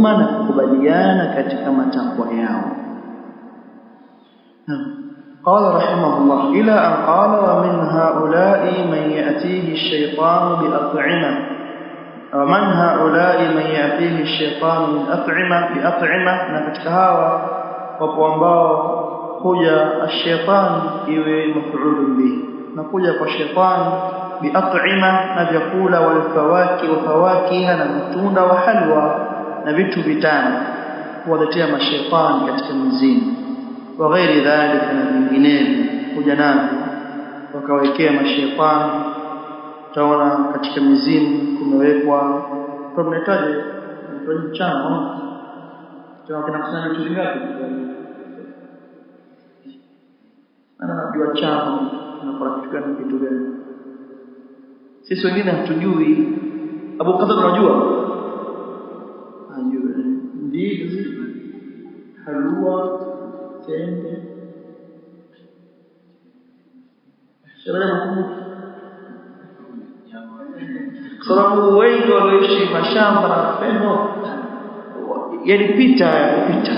umma na kukubaliana katika matakwa yao. قال رحمه الله إلى أن قال ومن هؤلاء من يأتيه الشيطان بأطعمة ومن هؤلاء من يأتيه الشيطان بأطعمة بأطعمة نكتهاوى وقوانباو قويا الشيطان إيوي مفعول به نقويا الشيطان بأطعمة نجقول والفواكه وفواكه نمتون وحلوى na vitu vitano kuwaletea mashetani katika mizimu, wa ghairi dhalika, na vinginevyo kuja navyo wakawekea mashetani. Utaona katika mizimu kumewekwa mnahitaji mchana kinakusanya vitu vingapi? Anajua chama nakuakitukana kitu gani? Sisi wengine hatujui. Abu Kadha, tunajua mvua tende sababu wengi walioishi mashamba na peno yalipita yakupita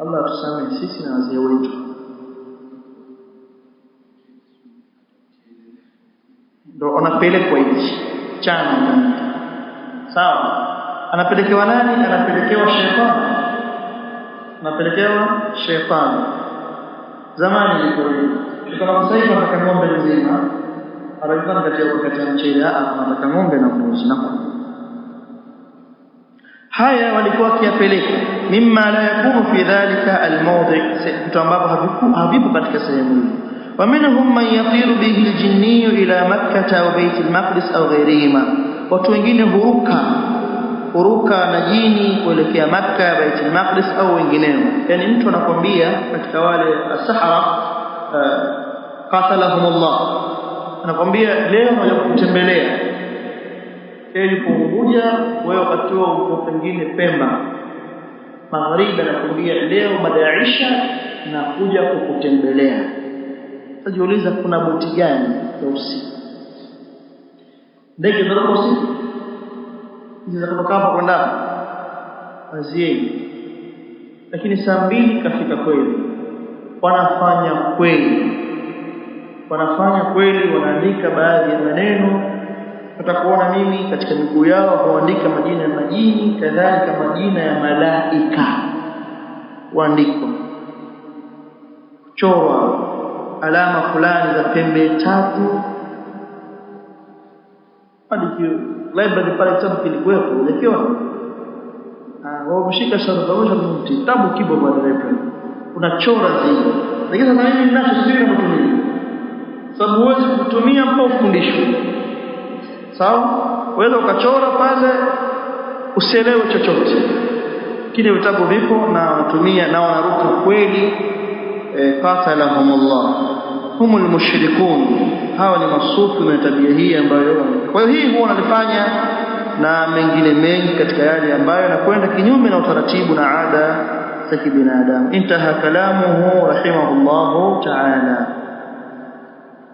Allah tusamehe sisi na wazee wetu ndo anapelekwa hichi chana sawa anapelekewa nani anapelekewa shetani napelekewa shetani zamani ilikuwa kama sasa hivi anataka ng'ombe nzima anajuka katika kukatia mchele anataka ng'ombe na mbuzi na haya walikuwa wakiyapeleka mimma la yakunu fi dhalika almawdi mtu ambapo havipo katika sehemu hiyo ومنهم من يطير به الجني إلى مكة أو بيت المقدس أو غيرهما وتوجين هروكا kuruka na jini kuelekea Makka, Baitul Maqdis au wengineo. Yani mtu anakwambia katika wale asahara uh, qatalahum Allah, anakwambia leo naja kutembelea yuko Unguja, wewe wakati huo uko pengine Pemba magharibi, anakwambia leo baada ya Isha kukutembelea. Sasa kuna boti gani ya usiku? Ndege za usiku inaweza kutoka hapa kwenda wazieni, lakini saa mbili kafika kweli, wanafanya kweli, wanafanya kweli, wanaandika baadhi ya maneno Utakuona mimi katika miguu yao huandika majina ya majini, kadhalika majina ya malaika huandikwa, kuchora alama fulani za pembe tatu hadi library pale kitabu kilikuwepo unakiona ah, wao kushika sharafawasha mti kitabu kibo kwa library unachora zile lakini sasa mimi ninacho sio na kutumia sababu huwezi kutumia mpaka ufundishwe sawa wewe ukachora pale usielewe chochote kile vitabu vipo na watumia na wanaruka kweli e, eh, qatalahumullah humul mushrikun hawa ni masufi wenye tabia hii ambayo. Kwa hiyo hii huwa wanalifanya na mengine mengi katika yale ambayo yanakwenda kinyume na utaratibu na ada za kibinadamu. Intaha kalamuhu rahimahullahu ta'ala.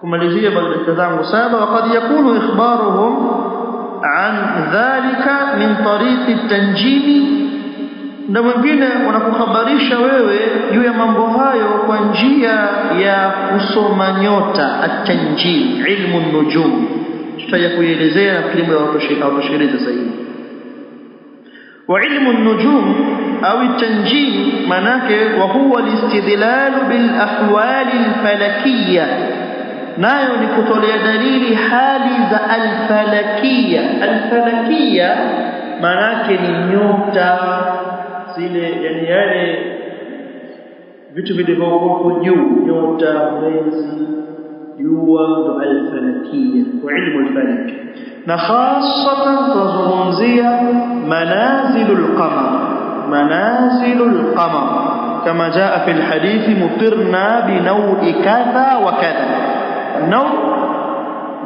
Kumalizia baada dakika zangu saba, waqad yakunu ikhbaruhum an dhalika min tariqi tanjimi na wengine wanakuhabarisha wewe juu ya mambo hayo kwa njia ya kusoma nyota, atanjii ilmu nujum. Tutaja kuielezea na fikiri muda hautoshiriki sasa Wa ilmu nujum au tanjii, maanake wa huwa listidlalu bil ahwali alfalakiya, nayo ni kutolea dalili hali za alfalakiya. alfalakia maanake ni nyota zile yani yale vitu vilivyoko juu nyota, mwezi, jua ndo alfalakia wa ilmu alfalak, na hasatan tunazungumzia manazilu lqamar, manazilu lqamar kama jaa fi lhadithi mutirna binaui kadha wa kadha. Nau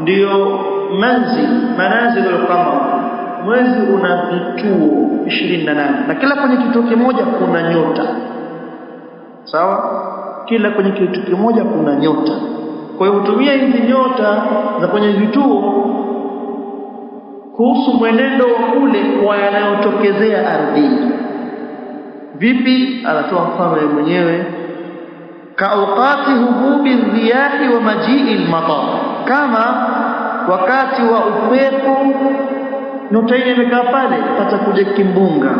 ndiyo manzil manazilu lqamar mwezi una vituo ishirini na nane na kila kwenye kituo kimoja kuna nyota sawa. Kila kwenye kituo kimoja kuna nyota, kwa hiyo hutumia hizi nyota za kwenye vituo kuhusu mwenendo wa kule kwa yanayotokezea ardhini. Vipi? anatoa mfano yeye mwenyewe kaukati hububi riyahi wa majii lmatar, kama wakati wa upepo nyota ile imekaa pale, patakuja kimbunga.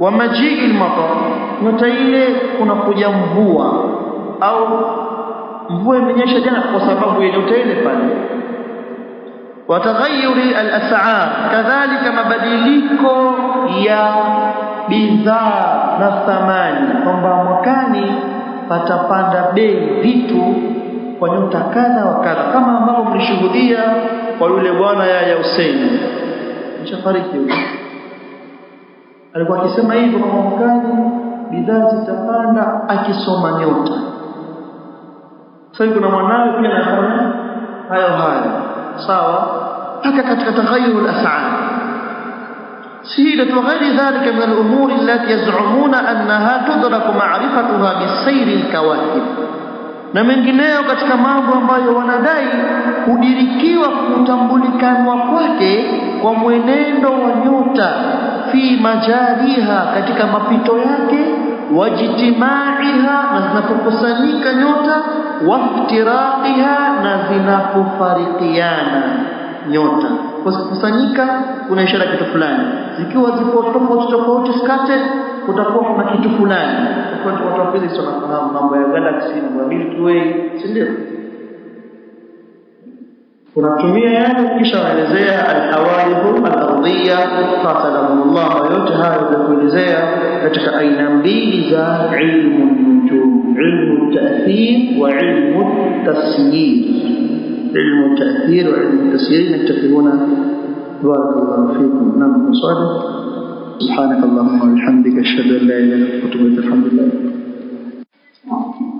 wa majii lmatar, nyota ile kunakuja mvua au mvua imenyesha jana kwa sababu ya nyota ile pale. wa taghayyuri al-as'ar, kadhalika mabadiliko ya bidhaa na thamani, kwamba mwakani patapanda bei vitu kwa nyota kadha wa kadha, kama ambavyo mlishuhudia kwa yule bwana Yahya Hussein. ameshafariki huyo alikuwa akisema hivyo kwa mwamkaji bidhaa zitapanda akisoma nyota sasa kuna mwanawe pia anafanya hayo hayo sawa mpaka katika taghayurul as'ar سيدة غير ذلك من الأمور التي يزعمون أنها تدرك معرفتها بالسير الكواكب na mengineyo katika mambo ambayo wanadai hudirikiwa kutambulikanwa kwake kwa mwenendo wa nyota fi majariha, katika mapito yake, wajtimaiha, na zinapokusanyika nyota, waftiraqiha, na zinapofarikiana nyota. Kwa kukusanyika kuna ishara kitu fulani, zikiwa zipo tofauti tofauti scattered kutakuwa kuna kitu fulani kwa watu wa sio nafahamu mambo ya galaxy na Milky Way si ndio unatumia yale kisha waelezea alhawadithu alardhiya qatalahum Allah yote hayo kuelezea katika aina mbili za ilmu nujum ilmu tathir wa ilmu tasyir ilmu tathir wa ilmu tasyir na tafihuna barakallahu fikum nam صادق سبحانك اللهم وبحمدك اشهد ان لا اله الا انت الحمد لله